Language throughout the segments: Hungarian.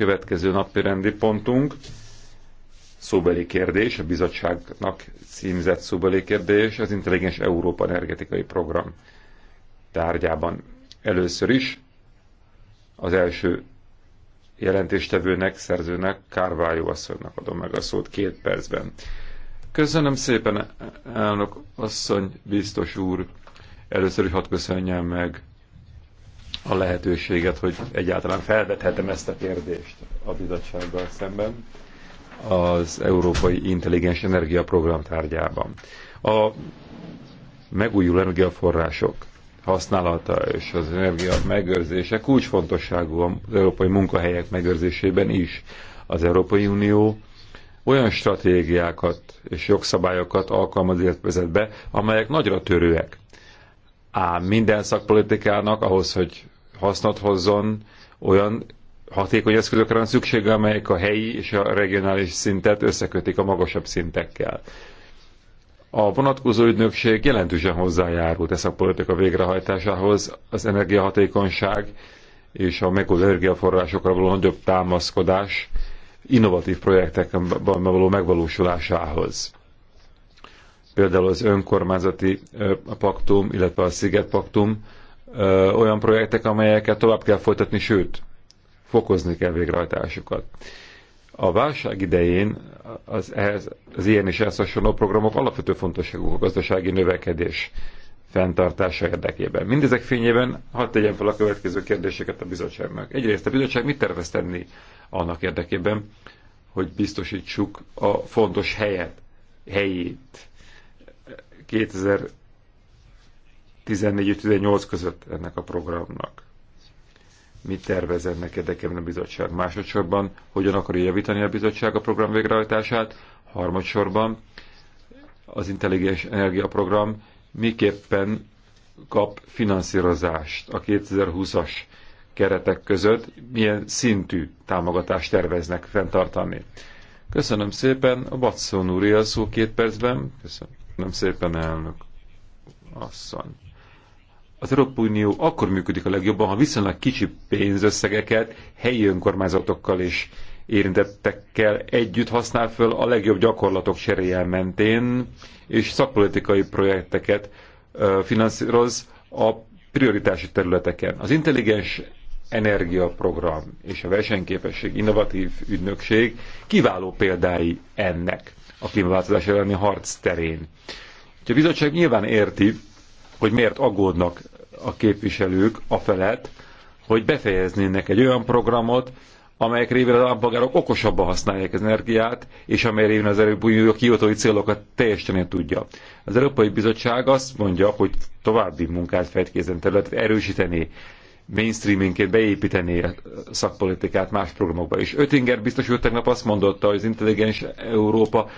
Következő napi rendi pontunk szóbeli kérdés, a bizottságnak címzett szóbeli kérdés, az Intelligens Európa Energetikai Program tárgyában. Először is az első jelentéstevőnek, szerzőnek, Kárvályó asszonynak adom meg a szót két percben. Köszönöm szépen, elnök asszony, biztos úr. Először is hadd köszönjem meg a lehetőséget, hogy egyáltalán felvethetem ezt a kérdést a bizottsággal szemben az Európai Intelligens Energia Program tárgyában. A megújuló energiaforrások használata és az energia megőrzése kulcsfontosságú az európai munkahelyek megőrzésében is. Az Európai Unió olyan stratégiákat és jogszabályokat alkalmaz, vezet be, amelyek nagyra törőek. Ám minden szakpolitikának ahhoz, hogy hasznot hozzon, olyan hatékony eszközökre van szüksége, amelyek a helyi és a regionális szintet összekötik a magasabb szintekkel. A vonatkozó ügynökség jelentősen hozzájárult ezt a politika végrehajtásához, az energiahatékonyság és a megoldó energiaforrásokra való nagyobb támaszkodás innovatív projektekben való megvalósulásához. Például az önkormányzati paktum, illetve a Sziget paktum, ö, olyan projektek, amelyeket tovább kell folytatni, sőt, fokozni kell végrehajtásukat. A válság idején az, ehhez, az ilyen és ehhez hasonló programok alapvető fontosságú a gazdasági növekedés fenntartása érdekében. Mindezek fényében hadd tegyem fel a következő kérdéseket a bizottságnak. Egyrészt a bizottság mit tervez tenni annak érdekében, hogy biztosítsuk a fontos helyet, helyét 2000 14 18 között ennek a programnak. Mit tervez ennek érdekében a bizottság? Másodszorban, hogyan akarja javítani a bizottság a program végrehajtását? Harmadsorban, az intelligens energiaprogram miképpen kap finanszírozást a 2020-as keretek között, milyen szintű támogatást terveznek fenntartani. Köszönöm szépen, a Batszón úr a szó két percben. Köszönöm szépen, elnök asszony az Európai Unió akkor működik a legjobban, ha viszonylag kicsi pénzösszegeket helyi önkormányzatokkal és érintettekkel együtt használ föl a legjobb gyakorlatok cseréjel mentén, és szakpolitikai projekteket finanszíroz a prioritási területeken. Az intelligens energiaprogram és a versenyképesség innovatív ügynökség kiváló példái ennek a klímaváltozás elleni harc terén. a bizottság nyilván érti, hogy miért aggódnak a képviselők a felett, hogy befejeznének egy olyan programot, amelyek révén az állampolgárok okosabban használják az energiát, és amely révén az Európai Unió kiotói célokat teljesíteni tudja. Az Európai Bizottság azt mondja, hogy további munkát fejtkézen ki területet, erősíteni, mainstreamingként beépíteni a szakpolitikát más programokba. És Öttinger biztos tegnap azt mondotta, hogy az intelligens Európa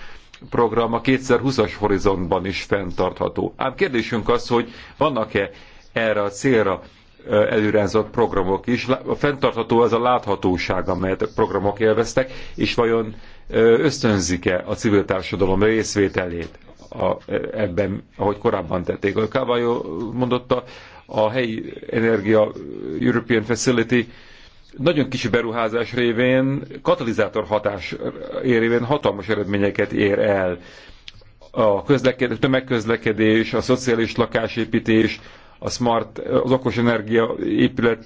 program a 2020-as horizontban is fenntartható. Ám kérdésünk az, hogy vannak-e erre a célra előrehozott programok is. A fenntartható az a láthatóság, amelyet a programok élveztek, és vajon ösztönzik-e a civil társadalom részvételét a, e, ebben, ahogy korábban tették. A Kávályó mondotta, a helyi energia European Facility nagyon kicsi beruházás révén, katalizátor hatás érében hatalmas eredményeket ér el. A közlekedés, tömegközlekedés, a szociális lakásépítés, a smart, az okos energia épület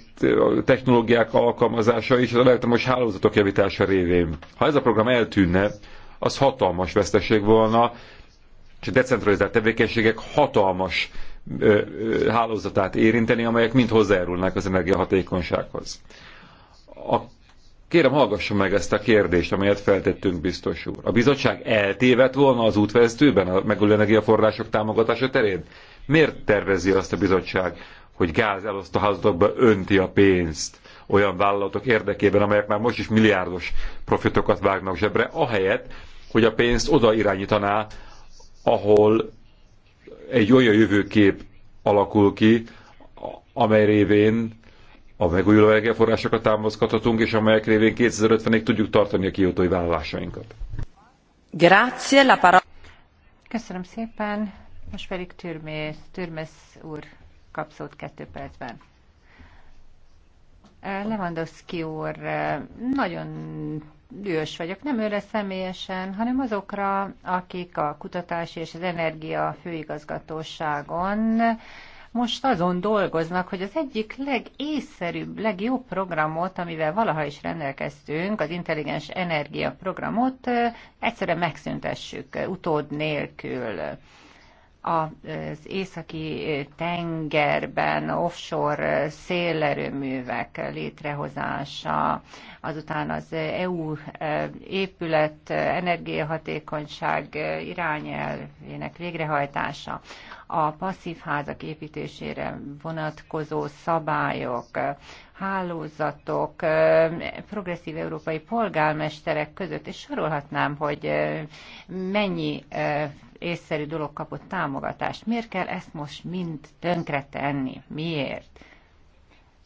technológiák alkalmazása és az elektromos hálózatok javítása révén. Ha ez a program eltűnne, az hatalmas veszteség volna, és a decentralizált tevékenységek hatalmas ö, ö, hálózatát érinteni, amelyek mind hozzájárulnak az energiahatékonysághoz a, kérem, hallgassa meg ezt a kérdést, amelyet feltettünk biztos úr. A bizottság eltévedt volna az útvesztőben a megújuló energiaforrások támogatása terén? Miért tervezi azt a bizottság, hogy gáz elosztó házatokba önti a pénzt olyan vállalatok érdekében, amelyek már most is milliárdos profitokat vágnak zsebre, ahelyett, hogy a pénzt oda irányítaná, ahol egy olyan jövőkép alakul ki, amely révén a megújuló energiaforrásokat támaszkodhatunk, és amelyek révén 2050-ig tudjuk tartani a kiotói vállalásainkat. Grazie la parola. Köszönöm szépen. Most pedig Türmész, Türmész úr kap szót kettő percben. Lewandowski úr, nagyon dühös vagyok, nem őre személyesen, hanem azokra, akik a kutatási és az energia főigazgatóságon most azon dolgoznak, hogy az egyik legészszerűbb, legjobb programot, amivel valaha is rendelkeztünk, az intelligens energia programot, egyszerűen megszüntessük, utód nélkül az északi tengerben offshore szélerőművek létrehozása, azután az EU épület energiahatékonyság irányelvének végrehajtása, a passzív házak építésére vonatkozó szabályok, hálózatok, progresszív európai polgármesterek között, és sorolhatnám, hogy mennyi észszerű dolog kapott támogatást. Miért kell ezt most mind tönkretenni? Miért?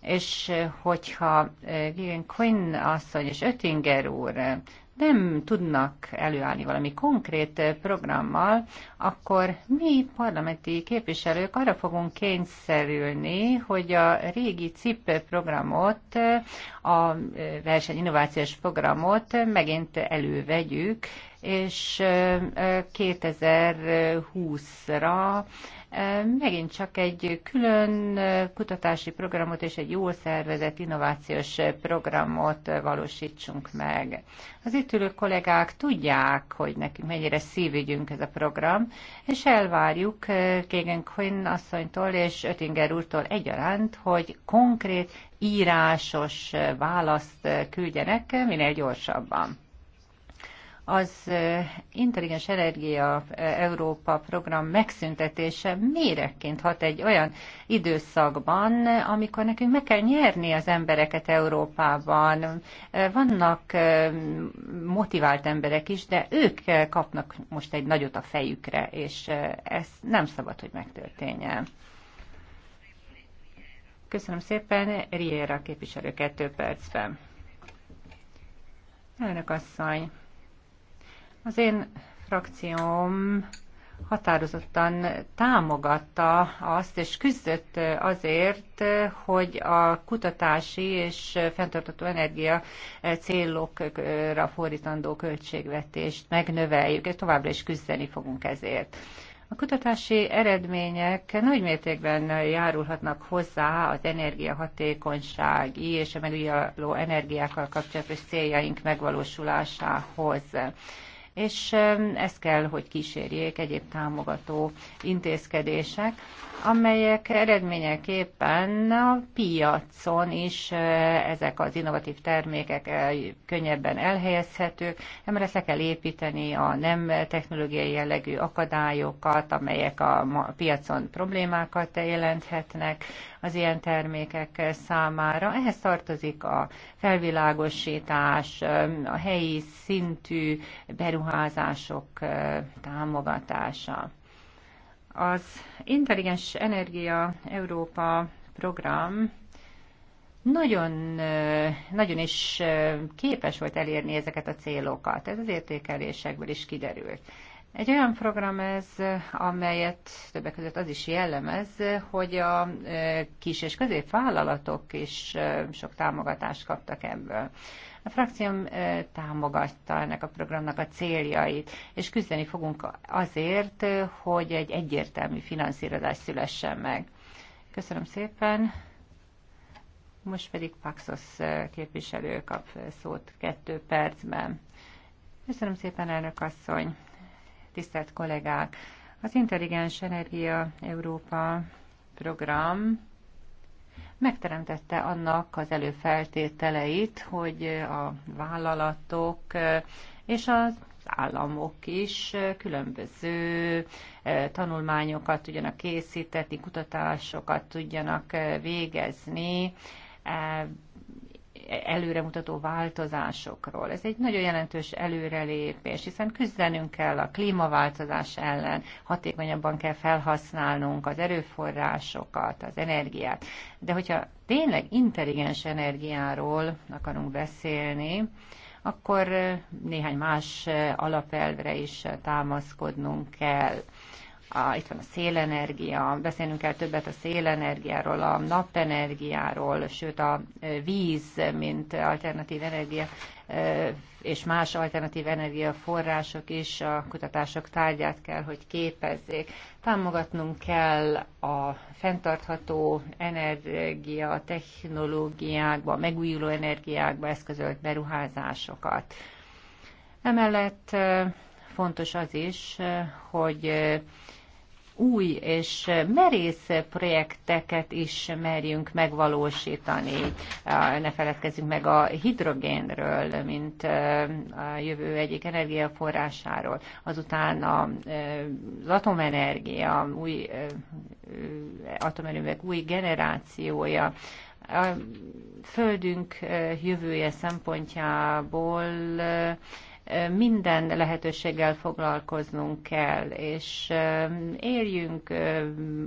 És hogyha Vivian Quinn asszony és Öttinger úr nem tudnak előállni valami konkrét programmal, akkor mi parlamenti képviselők arra fogunk kényszerülni, hogy a régi CIP programot, a versenyinnovációs programot megint elővegyük, és 2020-ra megint csak egy külön kutatási programot és egy jól szervezett innovációs programot valósítsunk meg. Az itt ülő kollégák tudják, hogy nekünk mennyire szívügyünk ez a program, és elvárjuk Kégen Quinn asszonytól és Ötinger úrtól egyaránt, hogy konkrét írásos választ küldjenek minél gyorsabban az Intelligens Energia Európa program megszüntetése méregként hat egy olyan időszakban, amikor nekünk meg kell nyerni az embereket Európában. Vannak motivált emberek is, de ők kapnak most egy nagyot a fejükre, és ez nem szabad, hogy megtörténjen. Köszönöm szépen, Riera képviselő kettő percben. Elnök asszony, az én frakcióm határozottan támogatta azt, és küzdött azért, hogy a kutatási és fenntartató energia célokra fordítandó költségvetést megnöveljük, és továbbra is küzdeni fogunk ezért. A kutatási eredmények nagy mértékben járulhatnak hozzá az energiahatékonysági és a megújuló energiákkal kapcsolatos céljaink megvalósulásához és ezt kell, hogy kísérjék egyéb támogató intézkedések, amelyek eredményeképpen a piacon is ezek az innovatív termékek eh, könnyebben elhelyezhetők, emellett le kell építeni a nem technológiai jellegű akadályokat, amelyek a piacon problémákat jelenthetnek az ilyen termékek eh, számára. Ehhez tartozik a felvilágosítás, a helyi szintű beruházások támogatása. Az Intelligens Energia Európa program nagyon, nagyon is képes volt elérni ezeket a célokat. Ez az értékelésekből is kiderült. Egy olyan program ez, amelyet többek között az is jellemez, hogy a kis és középvállalatok is sok támogatást kaptak ebből. A frakcióm támogatta ennek a programnak a céljait, és küzdeni fogunk azért, hogy egy egyértelmű finanszírozás szülessen meg. Köszönöm szépen! Most pedig Paxos képviselő kap szót kettő percben. Köszönöm szépen, elnök asszony! Tisztelt kollégák! Az Intelligens Energia Európa program megteremtette annak az előfeltételeit, hogy a vállalatok és az államok is különböző eh, tanulmányokat tudjanak készíteni, kutatásokat tudjanak eh, végezni, eh, előremutató változásokról. Ez egy nagyon jelentős előrelépés, hiszen küzdenünk kell a klímaváltozás ellen, hatékonyabban kell felhasználnunk az erőforrásokat, az energiát. De hogyha tényleg intelligens energiáról akarunk beszélni, akkor eh, néhány más eh, alapelvre is eh, támaszkodnunk kell a, itt van a szélenergia, beszélnünk kell többet a szélenergiáról, a napenergiáról, sőt a víz, mint alternatív energia és más alternatív energiaforrások is a kutatások tárgyát kell, hogy képezzék. Támogatnunk kell a fenntartható energia technológiákba, megújuló energiákba eszközölt beruházásokat. Emellett fontos az is, hogy új és merész projekteket is merjünk megvalósítani. Ne feledkezzünk meg a hidrogénről, mint a jövő egyik energiaforrásáról. Azután az atomenergia, új atomerőművek új generációja, a földünk jövője szempontjából minden lehetőséggel foglalkoznunk kell, és éljünk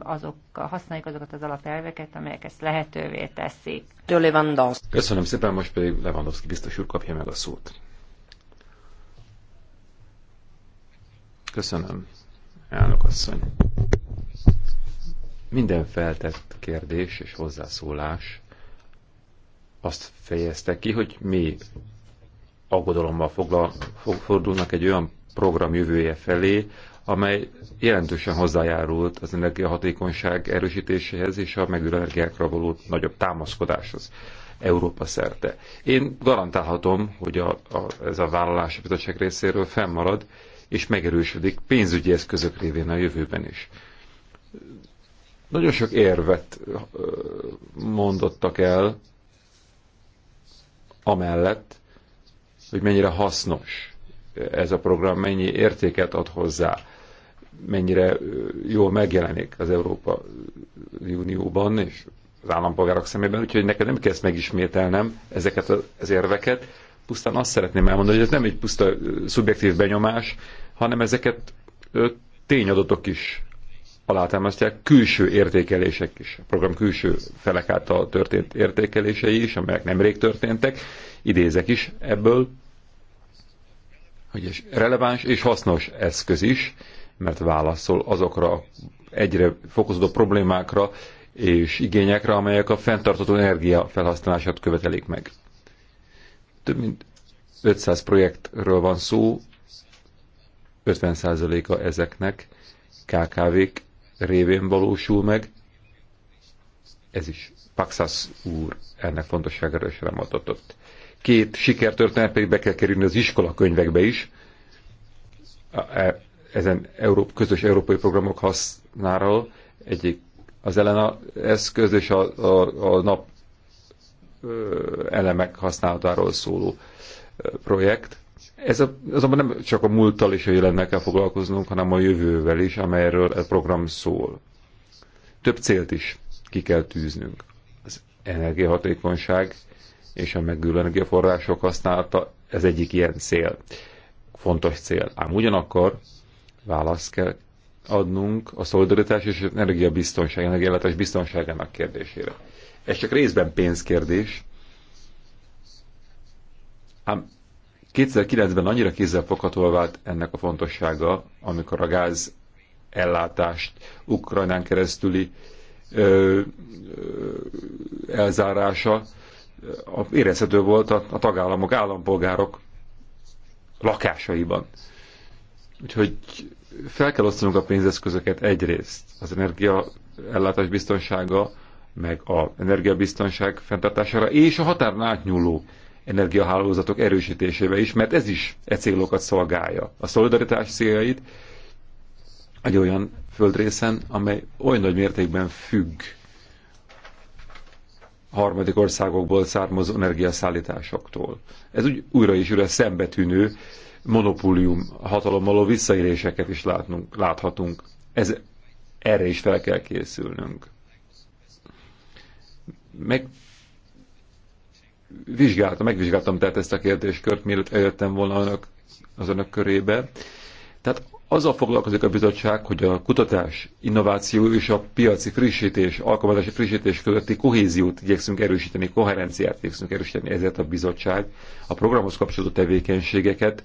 azok, használjuk azokat az alapelveket, amelyek ezt lehetővé teszik. Köszönöm szépen, most pedig Lewandowski biztos úr kapja meg a szót. Köszönöm, elnök asszony. Minden feltett kérdés és hozzászólás azt fejezte ki, hogy mi aggodalommal foglal, fordulnak egy olyan program jövője felé, amely jelentősen hozzájárult az energiahatékonyság erősítéséhez és a megülő energiákra való nagyobb támaszkodáshoz Európa szerte. Én garantálhatom, hogy a, a, ez a vállalás a bizottság részéről fennmarad, és megerősödik pénzügyi eszközök révén a jövőben is. Nagyon sok érvet mondottak el amellett, hogy mennyire hasznos ez a program, mennyi értéket ad hozzá, mennyire jól megjelenik az Európa Unióban és az állampolgárok szemében, úgyhogy neked nem kell ezt megismételnem, ezeket az érveket, pusztán azt szeretném elmondani, hogy ez nem egy puszta szubjektív benyomás, hanem ezeket tényadatok is alátámasztják, külső értékelések is, a program külső felek által történt értékelései is, amelyek nemrég történtek, idézek is ebből, hogy releváns és hasznos eszköz is, mert válaszol azokra egyre fokozódó problémákra és igényekre, amelyek a fenntartható energia felhasználását követelik meg. Több mint 500 projektről van szó, 50%-a ezeknek KKV-k révén valósul meg. Ez is Paxas úr ennek fontosságára is rematatott két sikertörténet pedig be kell kerülni az könyvekbe is. E, ezen Európ, közös európai programok hasznáról egyik az Elena eszköz és a, a, a nap elemek használatáról szóló projekt. Ez a, azonban nem csak a múlttal és a jelennel kell foglalkoznunk, hanem a jövővel is, amelyről a program szól. Több célt is ki kell tűznünk. Az energiahatékonyság és a megülő energiaforrások használata, ez egyik ilyen cél, fontos cél. Ám ugyanakkor választ kell adnunk a szolidaritás és az energiabiztonság, energiállátás biztonságának kérdésére. Ez csak részben pénzkérdés, ám 2009-ben annyira kézzelfoghatóvá vált ennek a fontossága, amikor a gáz ellátást Ukrajnán keresztüli ö, ö, elzárása érezhető volt a, a tagállamok, állampolgárok lakásaiban. Úgyhogy fel kell osztanunk a pénzeszközöket egyrészt az energiaellátás biztonsága, meg a energiabiztonság fenntartására, és a határon átnyúló energiahálózatok erősítésébe is, mert ez is e célokat szolgálja. A szolidaritás céljait egy olyan földrészen, amely oly nagy mértékben függ harmadik országokból származó energiaszállításoktól. Ez úgy újra és újra szembetűnő monopólium hatalommal visszaéléseket is látnunk, láthatunk. Ez, erre is fel kell készülnünk. Meg vizsgáltam, megvizsgáltam tehát ezt a kérdéskört, mielőtt eljöttem volna önök, az önök körébe. Tehát azzal foglalkozik a bizottság, hogy a kutatás, innováció és a piaci frissítés, alkalmazási frissítés közötti kohéziót igyekszünk erősíteni, koherenciát igyekszünk erősíteni, ezért a bizottság a programhoz kapcsolódó tevékenységeket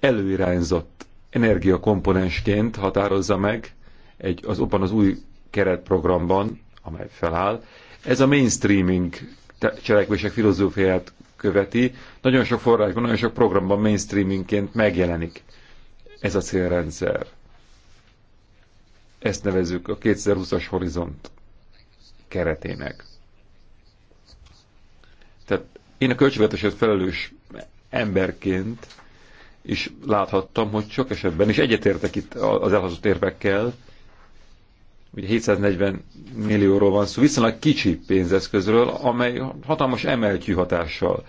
előirányzott energiakomponensként határozza meg egy, az, abban az új keretprogramban, amely feláll. Ez a mainstreaming cselekvések filozófiáját követi. Nagyon sok forrásban, nagyon sok programban mainstreamingként megjelenik ez a célrendszer. Ezt nevezzük a 2020-as horizont keretének. Tehát én a költségvetésért felelős emberként is láthattam, hogy sok esetben, és egyetértek itt az elhozott érvekkel, ugye 740 millióról van szó, viszonylag kicsi pénzeszközről, amely hatalmas emeltyű hatással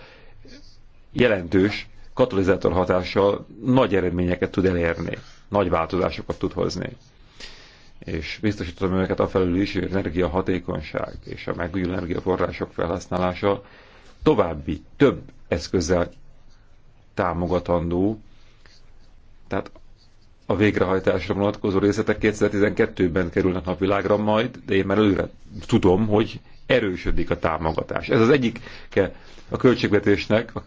jelentős katalizátor hatással nagy eredményeket tud elérni, nagy változásokat tud hozni. És biztosítom őket felül is, hogy energiahatékonyság és a megújuló energiaforrások felhasználása további több eszközzel támogatandó, tehát a végrehajtásra vonatkozó részletek 2012-ben kerülnek napvilágra majd, de én már előre tudom, hogy erősödik a támogatás. Ez az egyik a költségvetésnek, a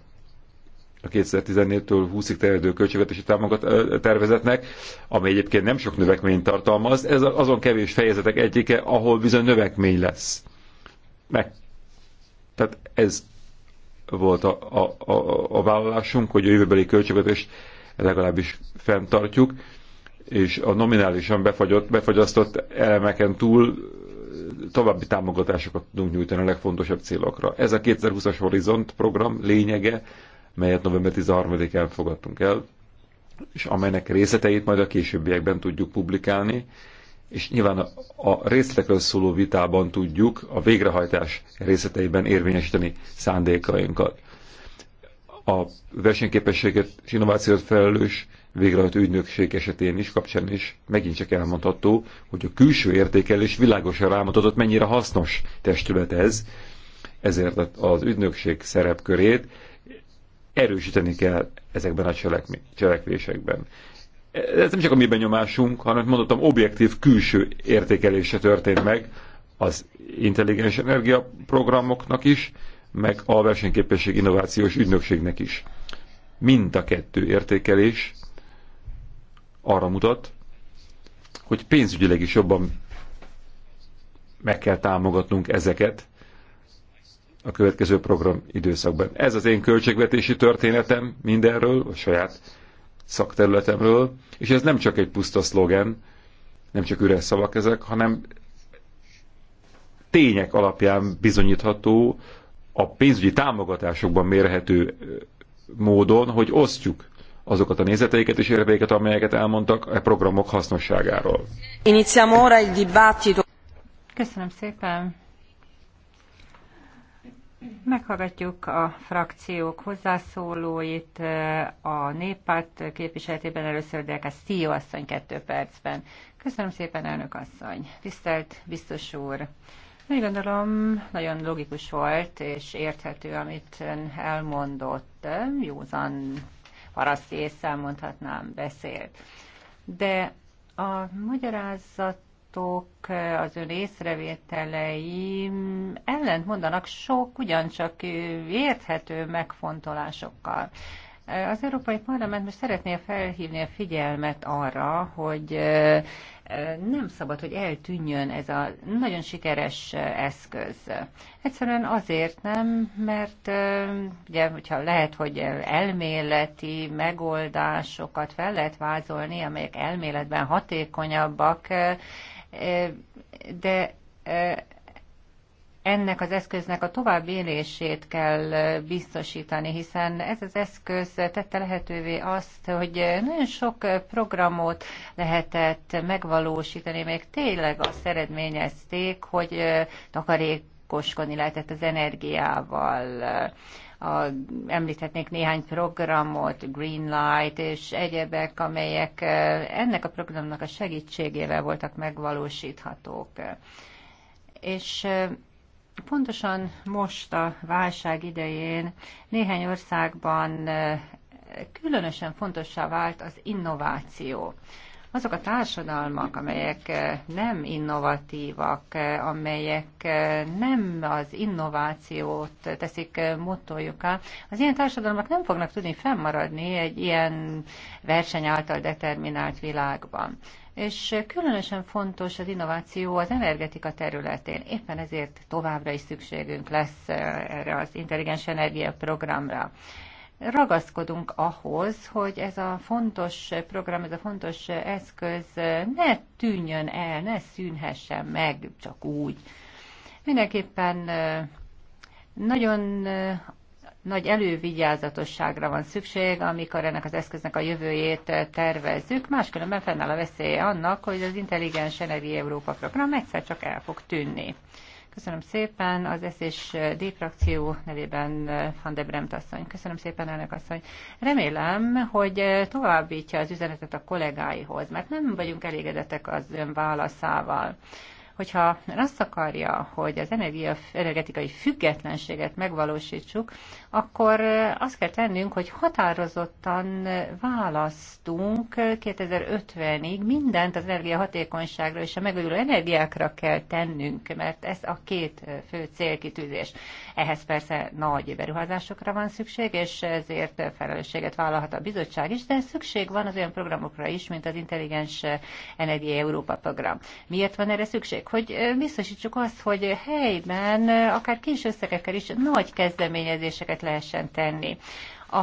a 2014-től 20-ig terjedő költségvetési támogat tervezetnek, ami egyébként nem sok növekményt tartalmaz, ez azon kevés fejezetek egyike, ahol bizony növekmény lesz. Meg. Tehát ez volt a, a, a, a vállalásunk, hogy a jövőbeli költségvetést legalábbis fenntartjuk, és a nominálisan befagyott, befagyasztott elemeken túl további támogatásokat tudunk nyújtani a legfontosabb célokra. Ez a 2020-as Horizont program lényege, melyet november 13-án fogadtunk el, és amelynek részleteit majd a későbbiekben tudjuk publikálni, és nyilván a részletekről szóló vitában tudjuk a végrehajtás részleteiben érvényesíteni szándékainkat. A versenyképességet és innovációt felelős végrehajtó ügynökség esetén is kapcsán is megint csak elmondható, hogy a külső értékelés világosan rámutatott, mennyire hasznos testület ez, ezért az ügynökség szerepkörét erősíteni kell ezekben a cselekvésekben. Ez nem csak a mi benyomásunk, hanem mondottam, objektív külső értékelése történt meg az intelligens energiaprogramoknak is, meg a versenyképesség innovációs ügynökségnek is. Mind a kettő értékelés arra mutat, hogy pénzügyileg is jobban meg kell támogatnunk ezeket, a következő program időszakban. Ez az én költségvetési történetem mindenről, a saját szakterületemről, és ez nem csak egy puszta szlogen, nem csak üres szavak ezek, hanem tények alapján bizonyítható, a pénzügyi támogatásokban mérhető módon, hogy osztjuk azokat a nézeteiket és érveiket, amelyeket elmondtak a e programok hasznosságáról. Köszönöm szépen! Meghallgatjuk a frakciók hozzászólóit. A néppárt képviseletében először a Castillo asszony kettő percben. Köszönöm szépen, elnök asszony. Tisztelt biztos úr. Úgy gondolom, nagyon logikus volt és érthető, amit ön elmondott. Józan paraszti észre mondhatnám beszélt. De a magyarázat javaslatok, az ön észrevételeim ellent mondanak sok ugyancsak érthető megfontolásokkal. Az Európai Parlament most szeretné felhívni a figyelmet arra, hogy nem szabad, hogy eltűnjön ez a nagyon sikeres eszköz. Egyszerűen azért nem, mert ugye, hogyha lehet, hogy elméleti megoldásokat fel lehet vázolni, amelyek elméletben hatékonyabbak, de ennek az eszköznek a tovább élését kell biztosítani, hiszen ez az eszköz tette lehetővé azt, hogy nagyon sok programot lehetett megvalósítani, még tényleg azt eredményezték, hogy takarék koskodni lehetett az energiával a, említhetnék néhány programot, Greenlight és egyebek, amelyek ennek a programnak a segítségével voltak megvalósíthatók. És pontosan most a válság idején néhány országban különösen fontossá vált az innováció azok a társadalmak, amelyek eh, nem innovatívak, eh, amelyek eh, nem az innovációt teszik mottojuká, az ilyen társadalmak nem fognak tudni fennmaradni egy ilyen verseny által determinált világban. És különösen fontos az innováció az energetika területén. Éppen ezért továbbra is szükségünk lesz erre az intelligens energia programra ragaszkodunk ahhoz, hogy ez a fontos program, ez a fontos eszköz ne tűnjön el, ne szűnhessen meg csak úgy. Mindenképpen nagyon nagy elővigyázatosságra van szükség, amikor ennek az eszköznek a jövőjét tervezzük, máskülönben fennáll a veszélye annak, hogy az intelligens Energi Európa program egyszer csak el fog tűnni. Köszönöm szépen az ESZ és D frakció nevében eh, Van de Bremt asszony. Köszönöm szépen, elnök asszony. Remélem, hogy eh, továbbítja az üzenetet a kollégáihoz, mert nem vagyunk elégedettek az ön válaszával. Hogyha azt akarja, hogy az energia, energetikai függetlenséget megvalósítsuk, akkor azt kell tennünk, hogy határozottan választunk 2050-ig mindent az energiahatékonyságra és a megújuló energiákra kell tennünk, mert ez a két fő célkitűzés. Ehhez persze nagy beruházásokra van szükség, és ezért felelősséget vállalhat a bizottság is, de szükség van az olyan programokra is, mint az Intelligens Energia Európa program. Miért van erre szükség? lépések, hogy biztosítsuk azt, hogy helyben akár kis összegekkel is nagy kezdeményezéseket lehessen tenni. A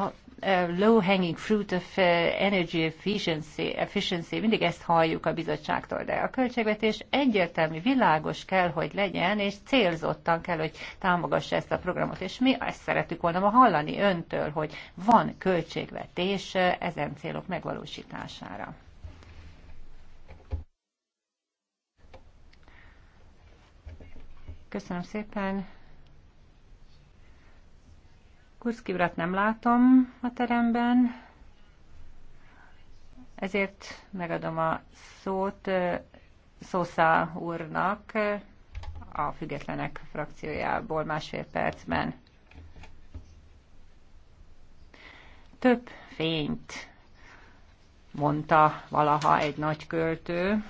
low hanging fruit of energy efficiency, efficiency, mindig ezt halljuk a bizottságtól, de a költségvetés egyértelmű, világos kell, hogy legyen, és célzottan kell, hogy támogassa ezt a programot, és mi ezt szeretük volna ma hallani öntől, hogy van költségvetés ezen célok megvalósítására. Köszönöm szépen. Kurszki urat nem látom a teremben, ezért megadom a szót Szószá úrnak a Függetlenek frakciójából másfél percben. Több fényt mondta valaha egy nagy költő,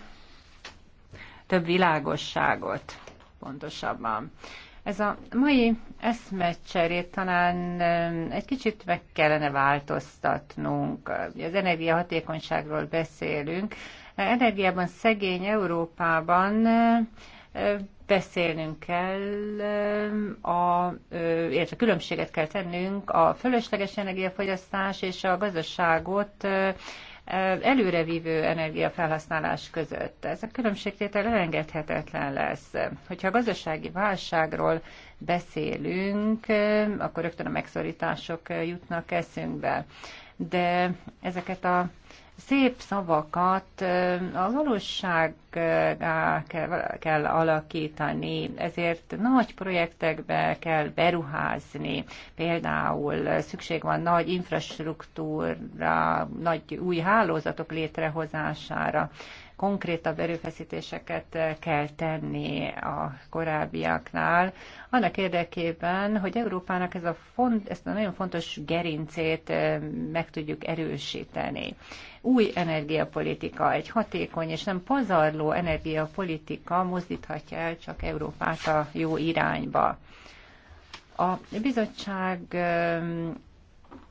több világosságot pontosabban. Ez a mai eszmecserét talán um, egy kicsit meg kellene változtatnunk. Az energiahatékonyságról beszélünk. Energiában szegény Európában um, beszélnünk kell, um, a, illetve különbséget kell tennünk a fölösleges energiafogyasztás és a gazdaságot előrevívő energiafelhasználás között. Ez a különbségtétel elengedhetetlen lesz. Hogyha a gazdasági válságról beszélünk, akkor rögtön a megszorítások jutnak eszünkbe. De ezeket a szép szavakat a valósággá kell, kell alakítani, ezért nagy projektekbe kell beruházni. Például szükség van nagy infrastruktúra, nagy új hálózatok létrehozására konkrétabb erőfeszítéseket eh, kell tenni a korábbiaknál, annak érdekében, hogy Európának ez a font, ezt a nagyon fontos gerincét eh, meg tudjuk erősíteni. Új energiapolitika, egy hatékony és nem pazarló energiapolitika mozdíthatja el csak Európát a jó irányba. A bizottság eh,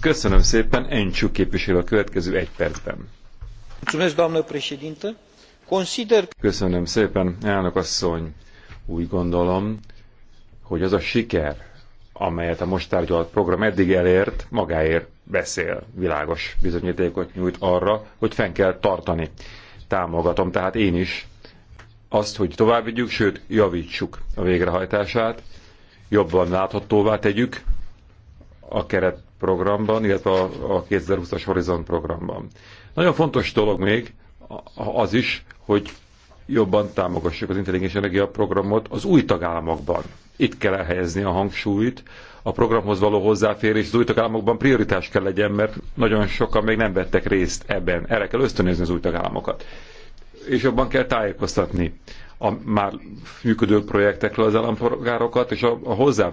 Köszönöm szépen, Encsú képviselő a következő egy percben. Köszönöm szépen, elnök asszony. Úgy gondolom, hogy az a siker, amelyet a most tárgyalt program eddig elért, magáért beszél, világos bizonyítékot nyújt arra, hogy fenn kell tartani. Támogatom tehát én is azt, hogy továbbvigyük, sőt, javítsuk a végrehajtását, jobban láthatóvá tegyük a keret programban, illetve a 2020-as Horizont programban. Nagyon fontos dolog még az is, hogy jobban támogassuk az intelligens energia programot az új tagállamokban. Itt kell elhelyezni a hangsúlyt, a programhoz való hozzáférés az új tagállamokban prioritás kell legyen, mert nagyon sokan még nem vettek részt ebben. Erre kell ösztönözni az új tagállamokat. És jobban kell tájékoztatni a már működő projektekről az állampolgárokat, és a, a hozzá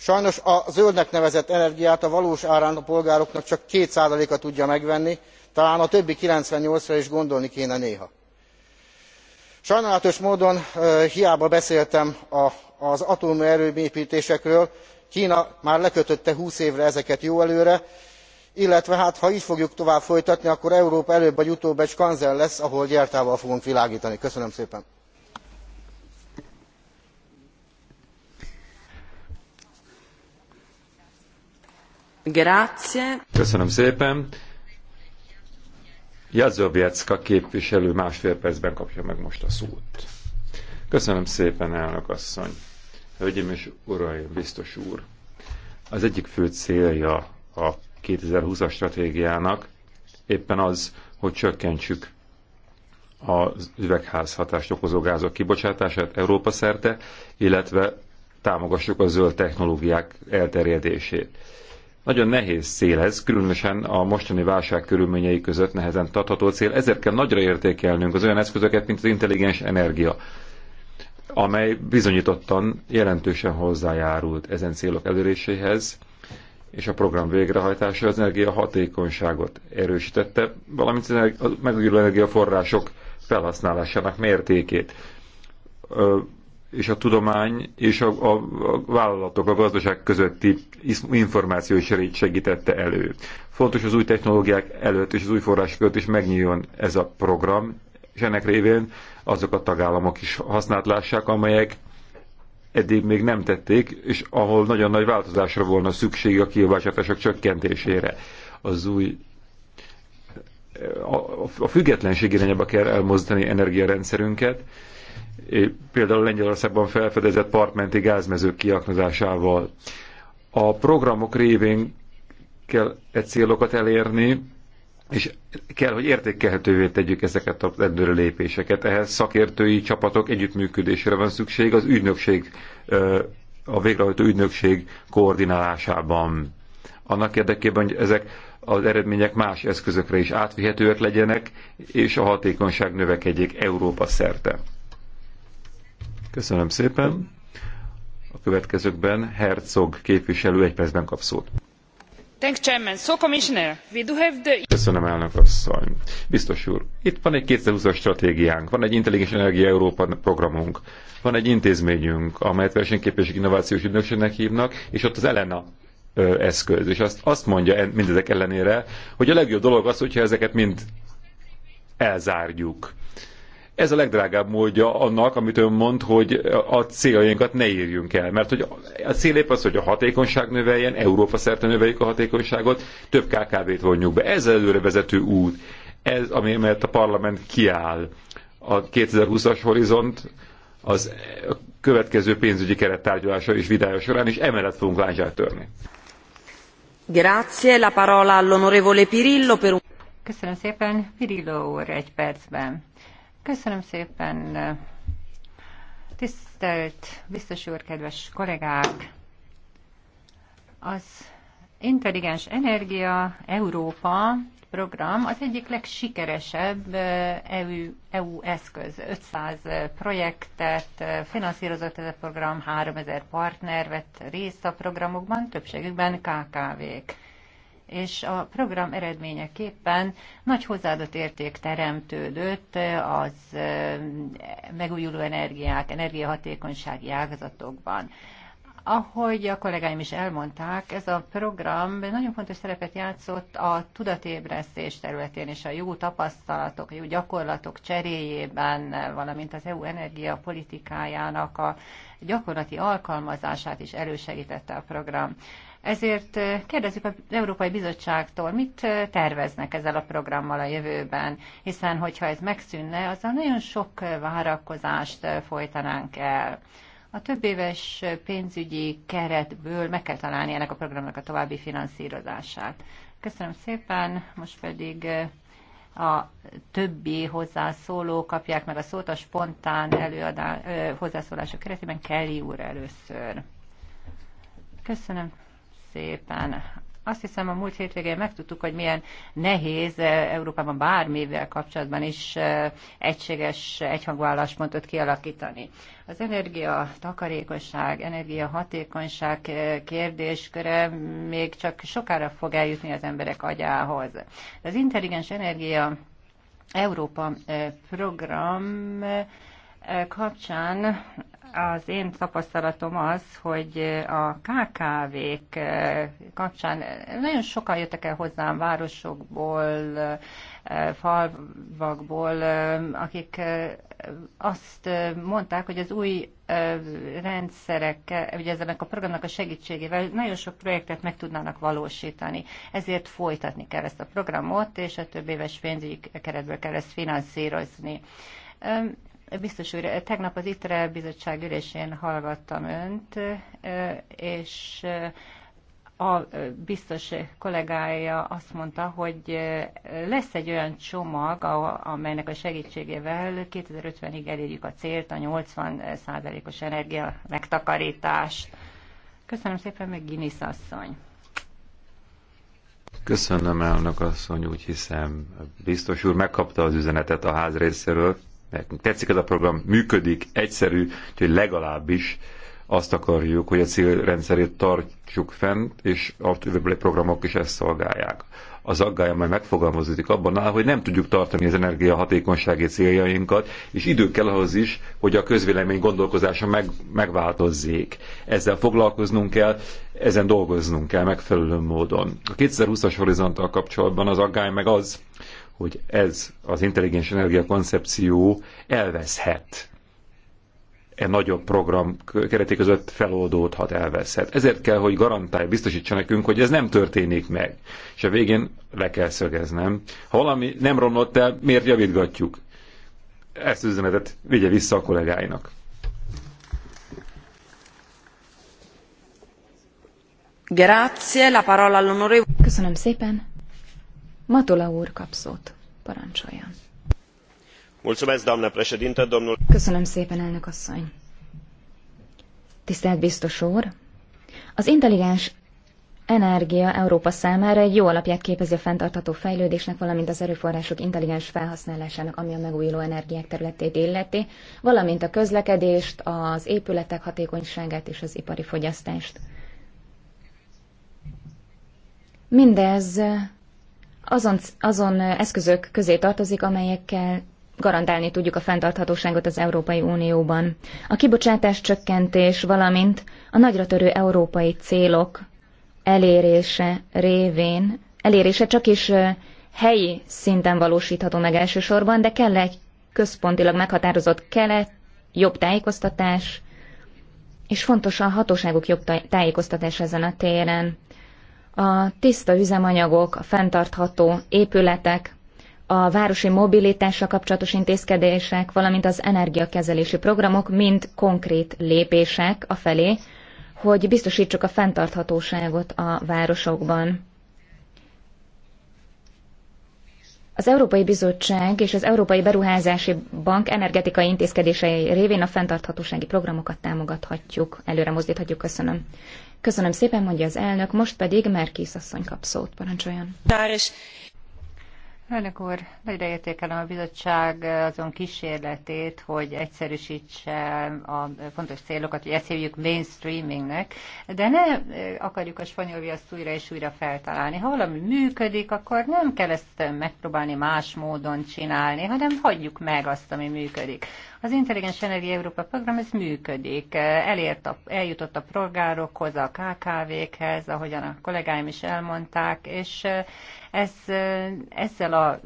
sajnos a zöldnek nevezett energiát a valós árán a polgároknak csak two a tudja megvenni talán a többi ninety eight ra is gondolni kéne néha. sajnálatos módon hiába beszéltem az atomerőméptésekről kna már lekötötte twenty évre ezeket jóelőre illetve hát ha gy fogjuk tovább folytatni akkor európa előbb vagy utóbb egy skanzen lesz ahol gyertyával fogunk világtani. köszönöm szépen! Köszönöm szépen. Jazovjecka képviselő másfél percben kapja meg most a szót. Köszönöm szépen, elnök asszony. Hölgyeim és uraim, biztos úr. Az egyik fő célja a 2020-as stratégiának éppen az, hogy csökkentsük az üvegházhatást okozó gázok kibocsátását Európa szerte, illetve támogassuk a zöld technológiák elterjedését nagyon nehéz cél ez, különösen a mostani válság körülményei között nehezen tartható cél, ezért kell nagyra értékelnünk az olyan eszközöket, mint az intelligens energia, amely bizonyítottan jelentősen hozzájárult ezen célok eléréséhez, és a program végrehajtása az energia hatékonyságot erősítette, valamint a megújuló energiaforrások felhasználásának mértékét és a tudomány és a, a, a vállalatok, a gazdaság közötti cserét segítette elő. Fontos az új technológiák előtt és az új források között is megnyíljon ez a program, és ennek révén azok a tagállamok is használt lássák, amelyek eddig még nem tették, és ahol nagyon nagy változásra volna szükség a kibocsátások csökkentésére. Az új a, a függetlenség irányába kell elmozdítani energiarendszerünket, például Lengyelországban felfedezett partmenti gázmezők kiaknozásával. A programok révén kell e célokat elérni, és kell, hogy értékelhetővé tegyük ezeket az lépéseket. Ehhez szakértői csapatok együttműködésére van szükség az ügynökség, a végrehajtó ügynökség koordinálásában. Annak érdekében, hogy ezek az eredmények más eszközökre is átvihetőek legyenek, és a hatékonyság növekedjék Európa szerte. Köszönöm szépen. A következőkben Herzog képviselő egy percben kap szót. Köszönöm, elnök asszony. Biztos úr, itt van egy 2020-as stratégiánk, van egy Intelligens Energia Európa programunk, van egy intézményünk, amelyet versenyképes innovációs ügynökségnek hívnak, és ott az Elena eszköz. És azt, azt mondja mindezek ellenére, hogy a legjobb dolog az, hogyha ezeket mind elzárjuk. Ez a legdrágább módja annak, amit ön mond, hogy a céljainkat ne érjünk el. Mert hogy a cél épp az, hogy a hatékonyság növeljen, Európa szerte növeljük a hatékonyságot, több KKV-t vonjuk be. Ez előre vezető út. Ez, ami mert a parlament kiáll. A 2020-as horizont az következő pénzügyi keret tárgyalása és vidája során, és emellett fogunk lányzsát törni. Grazie, la parola all'onorevole Pirillo per un... Köszönöm szépen, Pirillo úr, egy percben. Köszönöm szépen. Tisztelt biztos úr, kedves kollégák! Az Intelligens Energia Európa program az egyik legsikeresebb eh, EU, EU eszköz. 500 projektet eh, finanszírozott ez a program, 3000 partner vett részt a programokban, többségükben KKV-k és a program eredményeképpen nagy hozzáadott érték teremtődött az megújuló energiák, energiahatékonysági ágazatokban. Ahogy a kollégáim is elmondták, ez a program nagyon fontos szerepet játszott a tudatébresztés területén és a jó tapasztalatok, a jó gyakorlatok cseréjében, valamint az EU energiapolitikájának a gyakorlati alkalmazását is elősegítette a program. Ezért eh, kérdezzük az Európai Bizottságtól, mit eh, terveznek ezzel a programmal a jövőben, hiszen hogyha ez megszűnne, azzal nagyon sok eh, várakozást folytanánk el. A több éves pénzügyi keretből meg kell találni ennek a programnak a további finanszírozását. Köszönöm szépen, most pedig a többi hozzászóló kapják meg a szót a spontán előadás, hozzászólások keretében. Kelly úr először. Köszönöm szépen. Azt hiszem, a múlt hétvégén megtudtuk, hogy milyen nehéz eh, Európában bármivel kapcsolatban is eh, egységes, egyhangú álláspontot kialakítani. Az energia takarékosság, energia hatékonyság eh, kérdésköre még csak sokára fog eljutni az emberek agyához. Az intelligens energia Európa program kapcsán az én tapasztalatom az, hogy a KKV-k eh, kapcsán nagyon sokan jöttek el hozzám városokból, eh, falvakból, eh, akik azt mondták, hogy az új rendszerek, ugye ennek a programnak a segítségével nagyon sok projektet meg tudnának valósítani. Ezért folytatni kell ezt a programot, és a több éves pénzügyi keretből kell ezt finanszírozni. Biztos úr, tegnap az ITRE bizottság ülésén hallgattam önt, és a biztos kollégája azt mondta, hogy lesz egy olyan csomag, amelynek a segítségével 2050-ig elérjük a célt, a 80%-os energia megtakarítást. Köszönöm szépen, meg Guinness asszony. Köszönöm, elnök asszony, úgy hiszem, biztos úr megkapta az üzenetet a ház részéről. Nekünk tetszik ez a program, működik, egyszerű, úgyhogy legalábbis azt akarjuk, hogy a célrendszerét tartsuk fent, és a jövőbeli programok is ezt szolgálják. Az aggája majd megfogalmazódik abban áll, hogy nem tudjuk tartani az energia hatékonysági céljainkat, és idő kell ahhoz is, hogy a közvélemény gondolkozása meg, megváltozzék. Ezzel foglalkoznunk kell, ezen dolgoznunk kell megfelelő módon. A 2020-as horizonttal kapcsolatban az aggály meg az, hogy ez az intelligens energia koncepció elveszhet e nagyobb program kereté között feloldódhat, elveszhet. Ezért kell, hogy garantálj, biztosítsa nekünk, hogy ez nem történik meg. És a végén le kell szögeznem. Ha valami nem romlott el, miért javítgatjuk? Ezt üzenetet vigye vissza a kollégáinak. Grazie, la parola all'onorevole. Köszönöm szépen. Matula úr kap szót. Parancsoljon. Köszönöm szépen, elnök asszony. Tisztelt biztos úr! Az intelligens energia Európa számára egy jó alapját képezi a fenntartható fejlődésnek, valamint az erőforrások intelligens felhasználásának, ami a megújuló energiák területét illeti, valamint a közlekedést, az épületek hatékonyságát és az ipari fogyasztást. Mindez azon, azon eszközök közé tartozik, amelyekkel garantálni tudjuk a fenntarthatóságot az Európai Unióban. A kibocsátás csökkentés, valamint a nagyra törő európai célok elérése révén, elérése csak is helyi szinten valósítható meg elsősorban, de kell egy központilag meghatározott kelet, jobb tájékoztatás, és fontos a hatóságok jobb tájékoztatás ezen a téren a tiszta üzemanyagok, a fenntartható épületek, a városi mobilitással kapcsolatos intézkedések, valamint az energiakezelési programok mind konkrét lépések a felé, hogy biztosítsuk a fenntarthatóságot a városokban. Az Európai Bizottság és az Európai Beruházási Bank energetikai intézkedései révén a fenntarthatósági programokat támogathatjuk, előre mozdíthatjuk. Köszönöm. Köszönöm szépen, mondja az elnök, most pedig Merkész asszony kap szót, parancsoljon. Elnök úr, nagyra értékelem a bizottság azon kísérletét, hogy egyszerűsítse a fontos célokat, hogy ezt hívjuk mainstreamingnek, de ne akarjuk a spanyol viaszt újra és újra feltalálni. Ha valami működik, akkor nem kell ezt megpróbálni más módon csinálni, hanem hagyjuk meg azt, ami működik. Az Intelligens Energia Európa program, ez működik. Elért a, eljutott a polgárokhoz, a KKV-khez, ahogyan a kollégáim is elmondták, és ez, ezzel a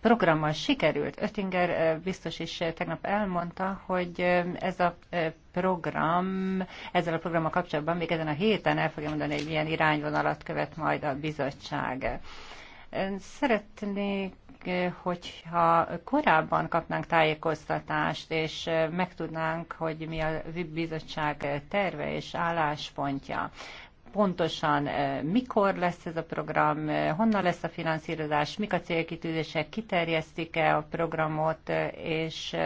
programmal sikerült. Öttinger biztos is tegnap elmondta, hogy ez a program, ezzel a programmal kapcsolatban még ezen a héten el fogja mondani, hogy milyen irányvonalat követ majd a bizottság. Szeretnék hogyha korábban kapnánk tájékoztatást, és megtudnánk, hogy mi a bizottság terve és álláspontja pontosan eh, mikor lesz ez a program, eh, honnan lesz a finanszírozás, mik a célkitűzések, kiterjesztik-e a programot, eh, és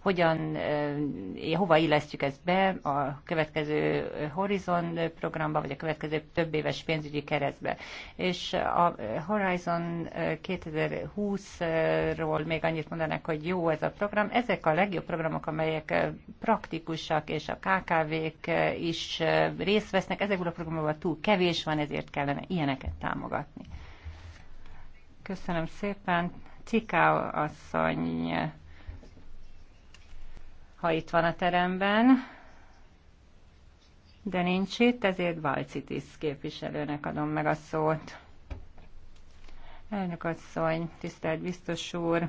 hogyan, hova illesztjük ezt be a következő Horizon programba, vagy a következő több éves pénzügyi keretbe. És a Horizon 2020-ról még annyit mondanak, hogy jó ez a program. Ezek a legjobb programok, amelyek praktikusak, és a KKV-k is részt vesznek. Ezekből a programokból ahol túl kevés van, ezért kellene ilyeneket támogatni. Köszönöm szépen. Ciká asszony, ha itt van a teremben, de nincs itt, ezért Valcitis képviselőnek adom meg a szót. Elnök asszony, tisztelt biztos úr!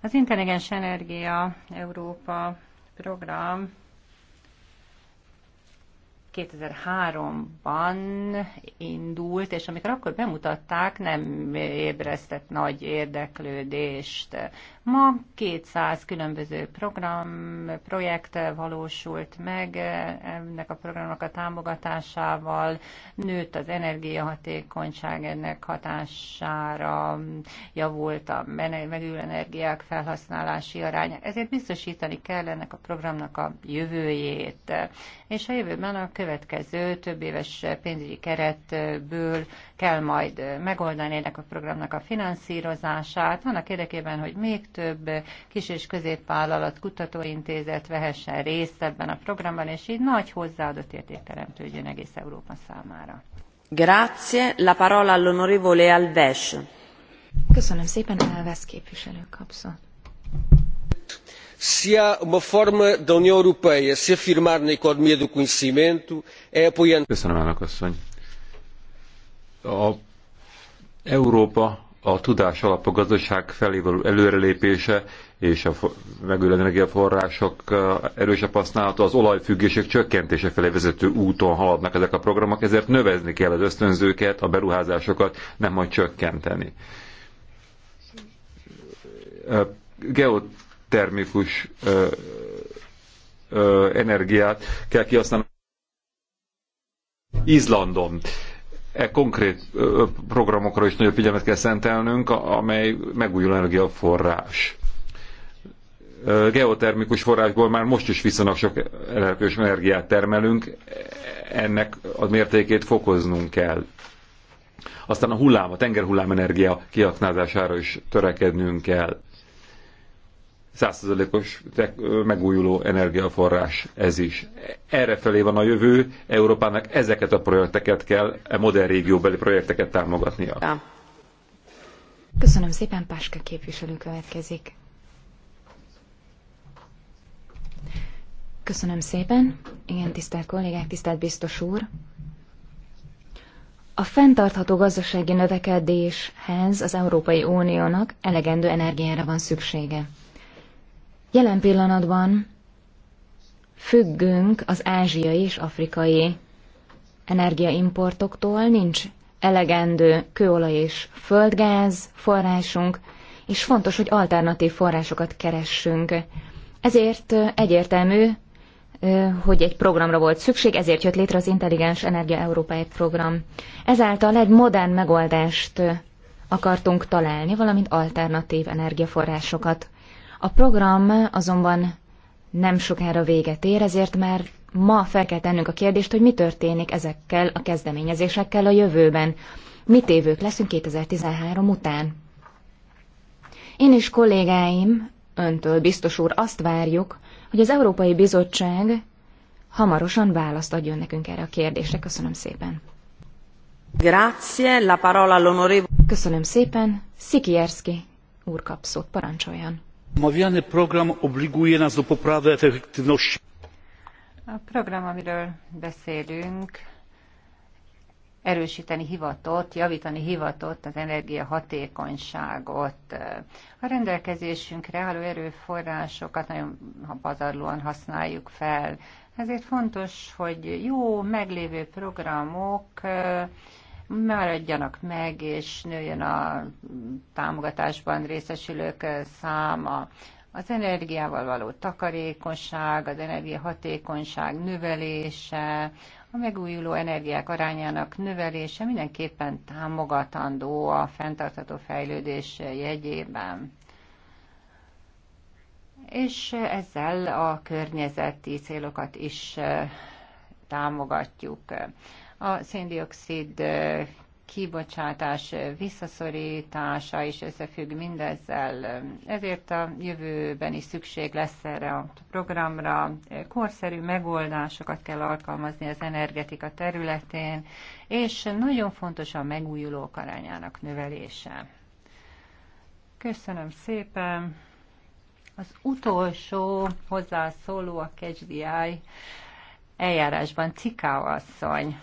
Az Intelligens Energia Európa program 2003-ban indult, és amikor akkor bemutatták, nem ébresztett nagy érdeklődést. Ma 200 különböző program, projekt valósult meg ennek a programnak a támogatásával, nőtt az energiahatékonyság ennek hatására, javult a megülő energiák felhasználási aránya. Ezért biztosítani kell ennek a programnak a jövőjét. És a jövőben a következő több éves pénzügyi keretből kell majd megoldani ennek a programnak a finanszírozását, annak érdekében, hogy még több kis- és középvállalat kutatóintézet vehessen részt ebben a programban, és így nagy hozzáadott érték teremtődjön egész Európa számára. Grazie. La parola all'onorevole Alves. Köszönöm szépen, Alves képviselő kapszol. Se há uma forma da União Europeia se afirmar na economia do conhecimento, é apoiando. Köszönöm, elnök asszony. A Európa a tudás alapú gazdaság felé való előrelépése és a megülő energiaforrások eh, erősebb használata az olajfüggések csökkentése felé vezető úton haladnak ezek a programok, ezért növezni kell az ösztönzőket, a beruházásokat, nem majd csökkenteni. Eh, geotermikus eh, energiát kell kihasználni. Izlandon e konkrét programokra is nagyobb figyelmet kell szentelnünk, amely megújuló energiaforrás. Geotermikus forrásból már most is viszonylag sok elektromos energiát termelünk, ennek a mértékét fokoznunk kell. Aztán a hullám, a tengerhullám energia kiaknázására is törekednünk kell százszerzelékos megújuló energiaforrás ez is. Erre felé van a jövő, Európának ezeket a projekteket kell, a e modern régióbeli projekteket támogatnia. Köszönöm szépen, Páska képviselő következik. Köszönöm szépen. Igen, tisztelt kollégák, tisztelt biztos úr. A fenntartható gazdasági növekedéshez az Európai Uniónak elegendő energiára van szüksége. Jelen pillanatban függünk az ázsiai és afrikai energiaimportoktól, nincs elegendő kőolaj és földgáz forrásunk, és fontos, hogy alternatív forrásokat keressünk. Ezért egyértelmű, hogy egy programra volt szükség, ezért jött létre az Intelligens Energia Európai program. Ezáltal egy modern megoldást akartunk találni, valamint alternatív energiaforrásokat. A program azonban nem sokára véget ér, ezért már ma fel kell tennünk a kérdést, hogy mi történik ezekkel a kezdeményezésekkel a jövőben. Mit évők leszünk 2013 után? Én és kollégáim, öntől biztos úr, azt várjuk, hogy az Európai Bizottság hamarosan választ adjon nekünk erre a kérdésre. Köszönöm szépen. Grazie, la parola all'onorevole. Köszönöm szépen. Szikierszki úr kapszót parancsoljon. Omawiany program obliguje nas do poprawy efektywności. A program, amiről beszélünk, erősíteni hivatott, javítani hivatott az energiahatékonyságot. A rendelkezésünkre álló erőforrásokat nagyon pazarlóan használjuk fel. Ezért fontos, hogy jó, meglévő programok maradjanak meg, és nőjön a támogatásban részesülők száma. Az energiával való takarékonyság, az energiahatékonyság növelése, a megújuló energiák arányának növelése mindenképpen támogatandó a fenntartható fejlődés jegyében. És ezzel a környezeti célokat is támogatjuk a széndiokszid kibocsátás visszaszorítása is összefügg mindezzel. Ezért a jövőben is szükség lesz erre a programra. Korszerű megoldásokat kell alkalmazni az energetika területén, és nagyon fontos a megújulók arányának növelése. Köszönöm szépen! Az utolsó hozzászóló a KGDI eljárásban Cikáó asszony.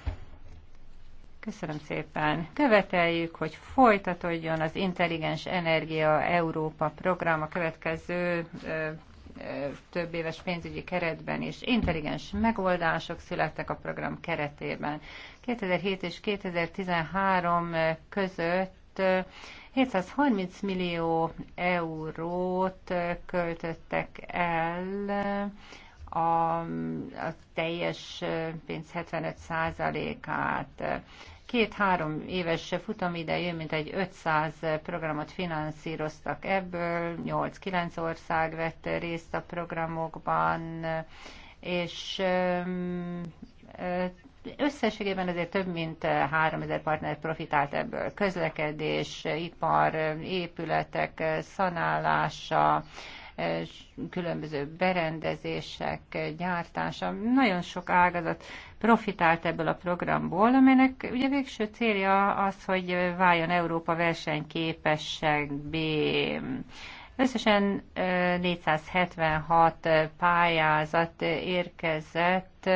Köszönöm szépen. Követeljük, hogy folytatódjon az Intelligens Energia Európa program a következő több éves pénzügyi keretben is intelligens megoldások születtek a program keretében. 2007 és 2013 között 730 millió eurót költöttek el a, a teljes pénz 75%-át. Két-három éves futamidejű, mint egy 500 programot finanszíroztak ebből, 8-9 ország vett részt a programokban, és összességében azért több mint 3000 partner profitált ebből. Közlekedés, ipar, épületek szanálása, Eh, különböző berendezések eh, gyártása, nagyon sok ágazat profitált ebből a programból, aminek ugye végső célja az, hogy váljon Európa versenyképesebbé. Összesen 476 eh, pályázat érkezett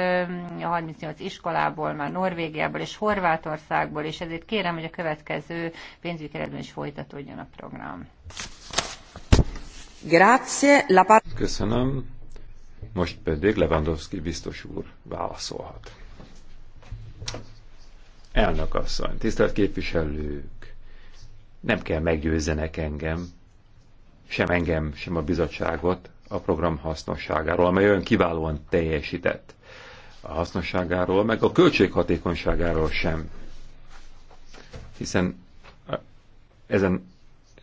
38 iskolából, már Norvégiából és Horvátországból, és ezért kérem, hogy a következő pénzügyi keretben is folytatódjon a program. Köszönöm. Most pedig Lewandowski biztos úr válaszolhat. Elnök asszony, tisztelt képviselők, nem kell meggyőzzenek engem, sem engem, sem a bizottságot a program hasznosságáról, amely olyan kiválóan teljesített. A hasznosságáról, meg a költséghatékonyságáról sem. Hiszen eh, ezen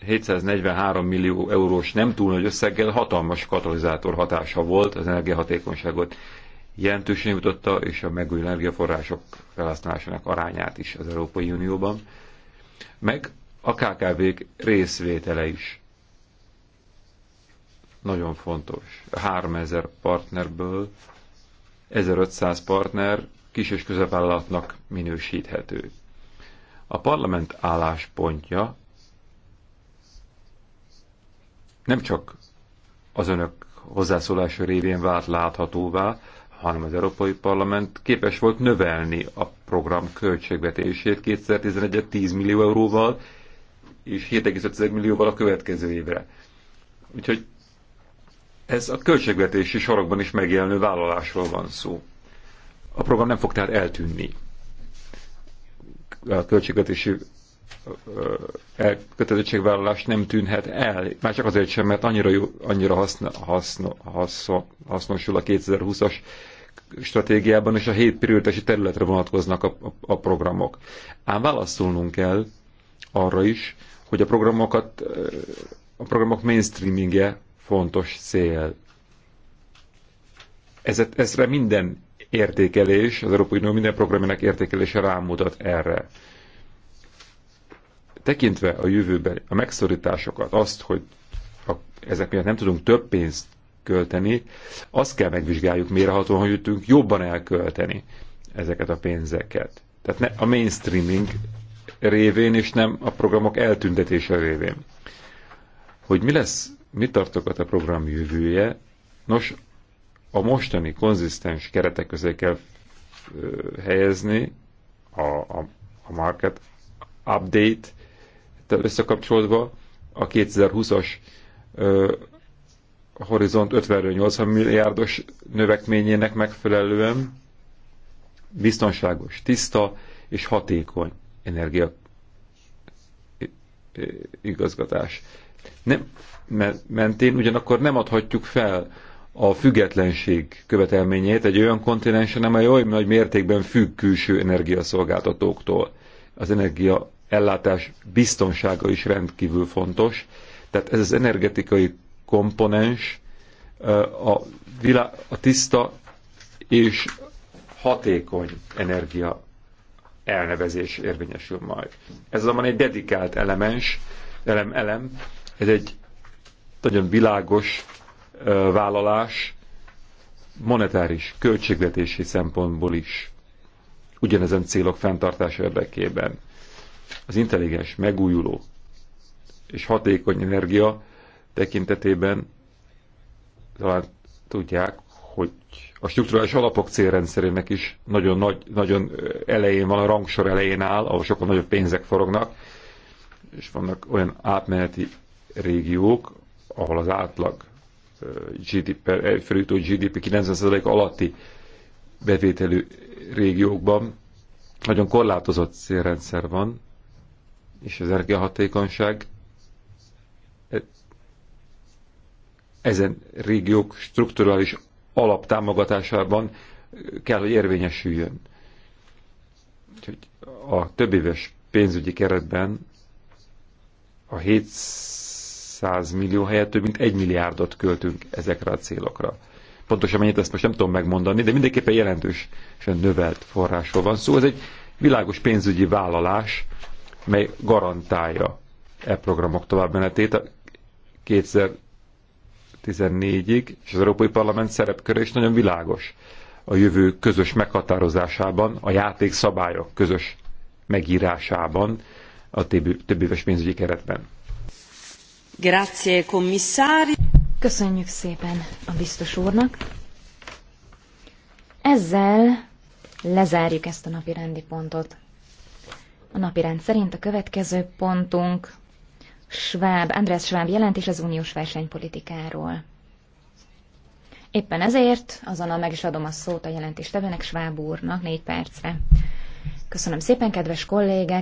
743 millió eurós nem túl nagy összeggel hatalmas katalizátor hatása volt az energiahatékonyságot jelentősen jutotta, és a megújuló energiaforrások felhasználásának arányát is az Európai Unióban, meg a KKV-k részvétele is. Nagyon fontos. 3000 partnerből 1500 partner kis és közepállatnak minősíthető. A parlament álláspontja nem csak az önök hozzászólása révén vált láthatóvá, hanem az Európai Parlament képes volt növelni a program költségvetését 2011 et 10 millió euróval, és 7,5 millióval a következő évre. Úgyhogy ez a költségvetési sorokban is megjelenő vállalásról van szó. A program nem fog tehát eltűnni. A költségvetési kötelezettségvállalás nem tűnhet el, már csak azért sem, mert annyira, jó, annyira haszna, haszna, haszna, hasznosul a 2020-as stratégiában, és a hét prioritási területre vonatkoznak a, a, a programok. Ám válaszolnunk kell arra is, hogy a programokat, a programok mainstreamingje fontos cél. Ez, ezre minden értékelés, az Európai Unió minden programjának értékelése rámutat erre tekintve a jövőben a megszorításokat, azt, hogy a, ezek miatt nem tudunk több pénzt költeni, azt kell megvizsgáljuk mérehatóan, hogy tudunk jobban elkölteni ezeket a pénzeket. Tehát ne a mainstreaming révén, és nem a programok eltüntetése révén. Hogy mi lesz, mi tartogat a program jövője, nos, a mostani konzisztens keretek közé kell helyezni a, a, a market update összekapcsolódva a 2020-as Horizont 50 80 milliárdos növekményének megfelelően biztonságos, tiszta és hatékony energia igazgatás. Nem, mentén ugyanakkor nem adhatjuk fel a függetlenség követelményét egy olyan kontinensen, amely oly nagy mértékben függ külső energiaszolgáltatóktól. Az energia ellátás biztonsága is rendkívül fontos. Tehát ez az energetikai komponens a, vilá, a tiszta és hatékony energia elnevezés érvényesül majd. Ez azonban egy dedikált elemens, elem, elem, ez egy nagyon világos vállalás, monetáris, költségvetési szempontból is, ugyanezen célok fenntartása érdekében. Az intelligens, megújuló és hatékony energia tekintetében talán tudják, hogy a struktúrális alapok célrendszerének is nagyon, nagy, nagyon elején van, a rangsor elején áll, ahol sokkal nagyobb pénzek forognak, és vannak olyan átmeneti régiók, ahol az átlag GDP, per GDP 90% alatti bevételű régiókban nagyon korlátozott célrendszer van, és az energiahatékonyság ezen régiók strukturális alaptámogatásában kell, hogy érvényesüljön. Úgyhogy a több éves pénzügyi keretben a 700 millió helyett több mint 1 milliárdot költünk ezekre a célokra. Pontosan mennyit ezt most nem tudom megmondani, de mindenképpen jelentősen növelt forrásról van szó. Szóval ez egy világos pénzügyi vállalás, mely garantálja e programok továbbmenetét a 2014-ig, és az Európai Parlament szerepköre is nagyon világos a jövő közös meghatározásában, a játékszabályok közös megírásában, a több éves pénzügyi keretben. Grazie, commissári. Köszönjük szépen a biztos úrnak. Ezzel lezárjuk ezt a napi rendi pontot. A napirend szerint a következő pontunk Schwab, András Schwab jelentés az uniós versenypolitikáról. Éppen ezért azonnal meg is adom a szót a jelentéstevőnek, Schwab úrnak, négy percre. Köszönöm szépen, kedves kollégák!